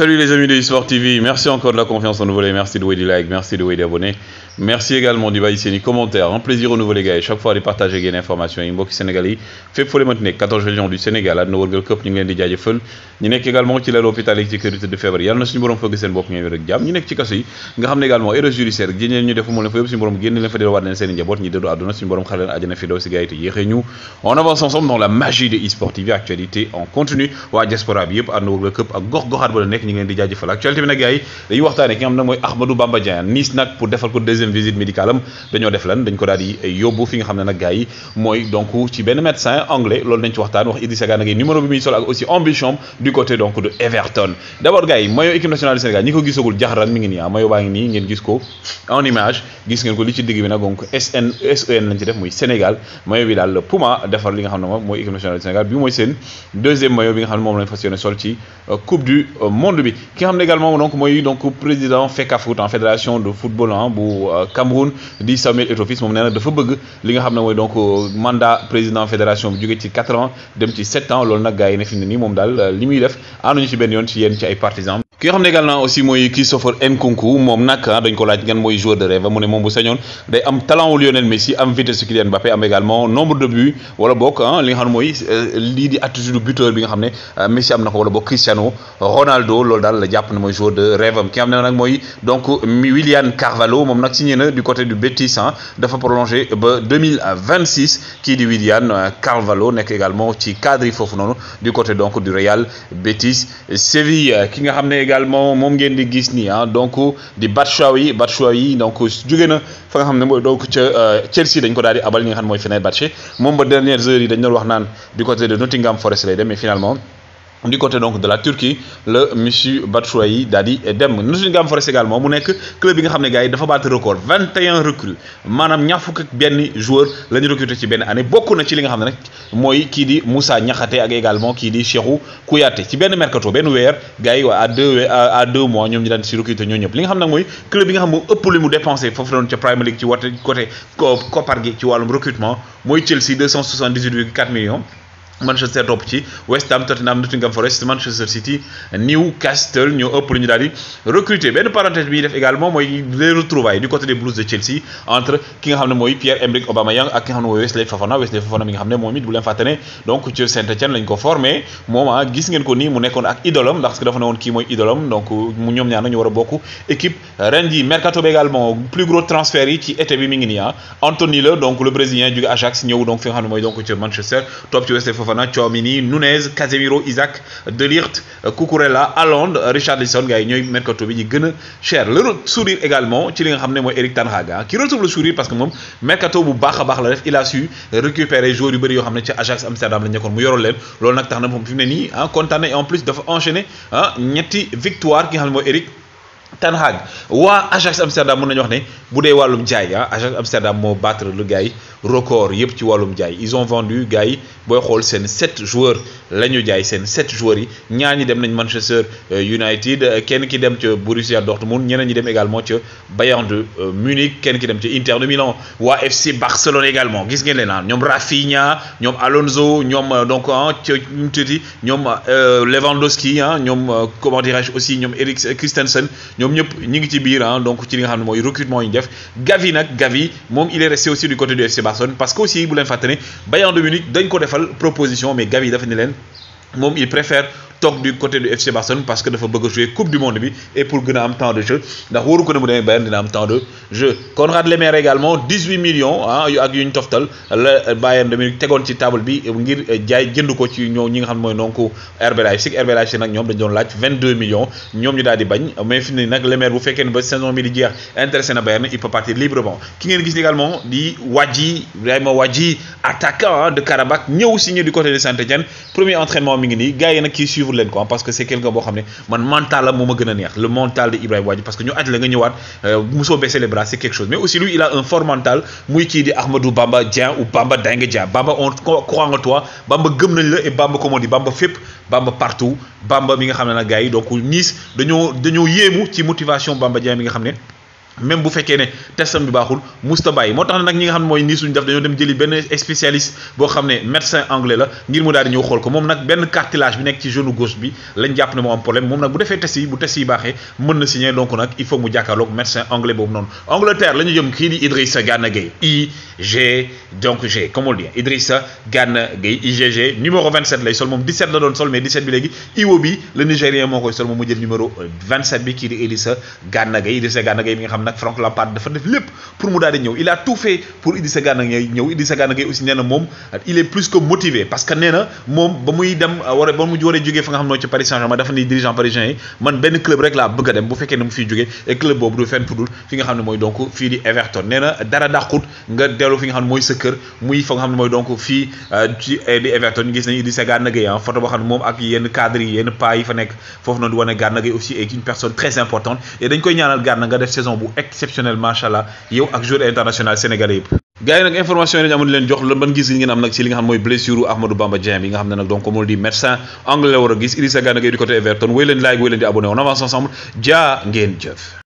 Salut les amis de eSport TV, merci encore de la confiance en nous et merci de vous à liker, merci de vous abonner merci également di bàyyi seen i commentaires un plaisir renouvelé les gars yi chaque fois di partager ak yéen information yi mbokki Sénégal yi fépp foo 14 régions du Sénégal àdduna wërngal këpp ñu ngi leen di jaajëfal ñu nekk également ci lal hôpital yi ci kër yi tëdd feebar yàlla na suñu borom fëgg seen bopp ñooy wér ak jàmm ñu nekk ci kaso yi nga xam également erreur judiciaire jén leen ñu defu mu leen fa yëpp suñu borom génn leen fa delluwaat leen seen i njaboot ñi dëddu àdduna suñu borom xale leen àjjana fi daw si gars yi ñu on avance ensemble dans la magie de e-sport TV actualité en continu Wa diaspora bi yëpp àdduna wërngal këpp ak gox goxaat ba la nekk ñu ngi di jaajëfal actualité bi nag gars yi dañuy waxtaane ki nga xam ne Ahmadou Bamba Nice Nak pour defal ko deuxième visite médicale am dañoo def lan dañ ko daal di yóbbu fi nga xam ne nag yi mooy donc ci ben médecin anglais loolu nañ ci waxtaan wax Idrissa Gana Gueye numéro bi muy solo ak aussi ambition du côté donc de Everton d'abord abord gars yi équipe nationale du Sénégal ñi ko gisagul jaxaran mi ngi nii ah maillot baa ngi nii ngeen gis ko en image gis ngeen ko li ci digg bi nag donc SN SEN lañ ci def muy Sénégal maillot bi daal Puma defar li nga xam mooy équipe nationale du Sénégal bi mooy seen deuxième moi bi nga xam ne moom lañ fas yéene ci euh, coupe du euh, monde bi ki nga xam également donc mooy donc président Fekafout en hein, fédération de football hein, bu euh, Cameroun di Samuel Eto'o Fils moom nee na dafa bëgg li nga xam ne mooy donc euh, mandat président fédération bi jóge ci 4 ans dem ci 7 ans loolu nag gars yi ne fi mu nii moom daal euh, li muy def ànduñu ci benn yoon ci yenn ci ay partisans. ki nga xam ne également aussi mooy Christopher Nkunku moom nag ah, dañ ko laaj ngeen mooy joueur de rêve mu ne moom bu sañoon day am talent wu Lionel Messi am vitesse Kylian Mbappé am également nombre de buts wala bokk ah, li nga xam ne mooy euh, lii di attitude buteur bi nga xam ne euh, Messi am na ko wala bokk Cristiano Ronaldo loolu daal la jàpp ne mooy joueur de rêve am ki nga xam ne nag mooy donc William Carvalho moom nag signé na du côté du Betis ah, dafa prolongé ba 2026 kii di William euh, Carvalho nekk également ci cadre yi foofu noonu du côté donc du Real Betis Séville ki nga xam ne également moom ngeen di gis nii ah donc di Batshuayi Batshuayi donc jóge na fa nga xam ne mooy donc euh, Chelsea dañ ko daal di abal ñi nga xam ne mooy Fenerbahçe moom ba dernières heures yi dañ doon wax naan du côté de Nottingham Forest lay dem mais finalement. du côté donc de la Turquie le monsieur Batshuayi daal nous une gamme Forest également mon nekk club bi nga xamné gaay dafa battre record 21 recrues manam ñaar fukk ak ben joueur lañu recruter ci ben année bokku na ci li nga xamné nak moy ki di Moussa Niakhaté ak également ki di Cheikhou Kouyaté ci ben mercato ben wèr gaay wa à deux à deux mois ñoom ñu dañ ci recruter ñoo ñep li nga xam nak moy club bi nga xam mo ëpp lu mu dépensé fofu doon ci Premier League ci wote côté Copar gi ci walum recrutement moy Chelsea 278,4 millions Manchester top ci West Ham Tottenham Nottingham Forest Manchester City Newcastle ñu ëpp lu ñu daal di recruter ben parenthèse bi def également mooy les retrouvailles du côté des Blues de Chelsea entre ki nga xam moy Pierre-Emerick Aubameyang ak ki nga xam ne mooy Wesley Fofana Wesley Fofana mi nga xam ne bu leen donc ci Saint-Étienne lañ ko formé moma ah gis ngeen ko ni mu école, ak idolom ndax dafa ne ki moy idolom donc mu ñoom ñaan nañu war a équipe Rennes mercato bi également plus gros transfert yi ci été bi mi ngi ni ha ah. Anthony le donc le brésilien du Ajax ñëw donc fi nga moy donc ci Manchester top ci Wesley Fofana Fofana, Chouamini, Nunez, Casemiro, Isaac, Delirte, Kukurella, Allende, Richard Lisson, gars mercato bi ñu cher le sourire également ci li Eric Ten ah, qui retrouve le sourire parce que moom mercato bu baax la il a su récupérer joueurs yu bëri Ajax Amsterdam la ñu nekkoon mu yoroon leen loolu ah, et en plus d'enchaîner, enchaîner ah victoire ki nga xam Eric. Ten Hag Ajax Amsterdam mën nañ wax ah, Ajax Amsterdam mo battre le gars record ci Walum jaay ils ont vendu gars Boy xol joueurs jaay 7 joueurs yi Manchester euh, United euh, kenn ki Borussia Dortmund ñeneen ñi également Bayern de euh, Munich kenn ki Inter de Milan wa FC Barcelone également gis ngeen leen ah, Rafinha ñom Alonso ñom donc ah Lewandowski ah, comment dirais-je aussi ñom Eric Christensen ñom ñep ñi ngi ci biir hein donc ci li nga xamne moy recrutement yi def Gavi nak Gavi mom il est resté aussi du côté du FC Barcelone parce que aussi bu leen Bayern de Munich dañ ko defal proposition mais Gavi dafa ni leen il préfère toog du côté du FC Barcelone parce que dafa bëgg jouer coupe du monde bi et pour gëna am temps de jeu ndax waru ko ne mu demee Bayern dina am temps de jeu Konrad Lemaire également 18 millions hein yu ak yuñ total toftal le Bayern de Munich ci table bi ngir jaay jënd ko ci ñoo ñi nga xam moy donc RB Leipzig RB Leipzig nak ñom dañ doon laaj 22 millions ñom ñu daal di bañ mais fini nak Lemer Lemaire bu fekkee ba saison bi di jeex intéressé na Bayern il peut partir librement ki ngeen gis également di Wadji Vraiment Wadji attaquant ah, de Karabakh ñëw signé du côté de Saint-Étienne premier entraînement mi ngi ni gars nak ki ah, parce que c'est quelqu'un bon xam man mental la moo le mental de Ibrahima parce que nous avons la nga ñëwaat euh, les bras c'est quelque chose mais aussi lui il a un fort mental muy qui di Ahmadou Bamba Dieng ou Bamba Dengue Dien Bamba on croit en toi Bamba gëm et Bamba comme on dit Bamba FIP Bamba partout Bamba mi nga xam gars donc nous dañoo dañoo yéemu ci motivation Bamba Dieng mi nga même bu fekkee ne testam bi baxul musta bàyyi moo tax ñi nga xam moy ni suñu def dañu dem jëli ben spécialiste bo xamné médecin anglais la ngir mu daal di xol ko mom nak ben cartilage bi nek ci genou gauche bi lañ japp né mo am problème mom nak bu défé test yi bu test yi baxé mën na signé donc nak il faut mu jàkkaarloog médecin anglais bobu non. Angleterre lañu ñu jëm kii di Idrissa Gana Gueye IG donc G comme on dit Idrissa Gana Gueye IGG numéro 27 lay sol mom 17 la doon sol mais 17 bi légui Iwo bi le Nigérien mo koy sol moom mu jël numéro 27 bi ki di Idrissa Gana Gueye Idrissa Gana Gueye mi nga xam nag Franck Lampard dafa def lepp pour mu daal di ñëw il a tout fait pour Idrissa Gana Gueye ñëw Idrissa Gana Gueye aussi néna mom il est plus que motivé parce que néna mom moom ba muy dem euh, war ba mu waree jógee fa nga xam noo ci Paris Saint-Germain dafa ni dirigeant parisien yi man benn club rek la bëgg dem bu fekkee ni mu fi joggé et club bobu du fenn tuddul fi nga xam ne mooy donc fi di Everton néna dara dàqut nga dellu fi nga xam moy sa kër muy fa nga xam moy donc fi euh, ci euh, di Everton gis nañu Idrissa Gana Gueye ah photo boo xam mom ak yeen cadre yi yenn pas yi fa nek fofu noonu di wane Gana aussi est une personne très importante et dañ koy ñaanal Gana nga def saison bu exceptionnel macha allah yow ak joueur international sénégalais yëpp. gars yi nag information yi dañu amoon leen jox lan ban gis-gis ngeen am nag ci li nga xam mooy blessure Ahmadou Bamba Dieng bi nga xam ne nag donc comme on dit médecin anglais la war a gis Idrissa Gana Gueye du côté Everton wéy leen like wéy leen di abonné on avance ensemble jaa ngeen jëf.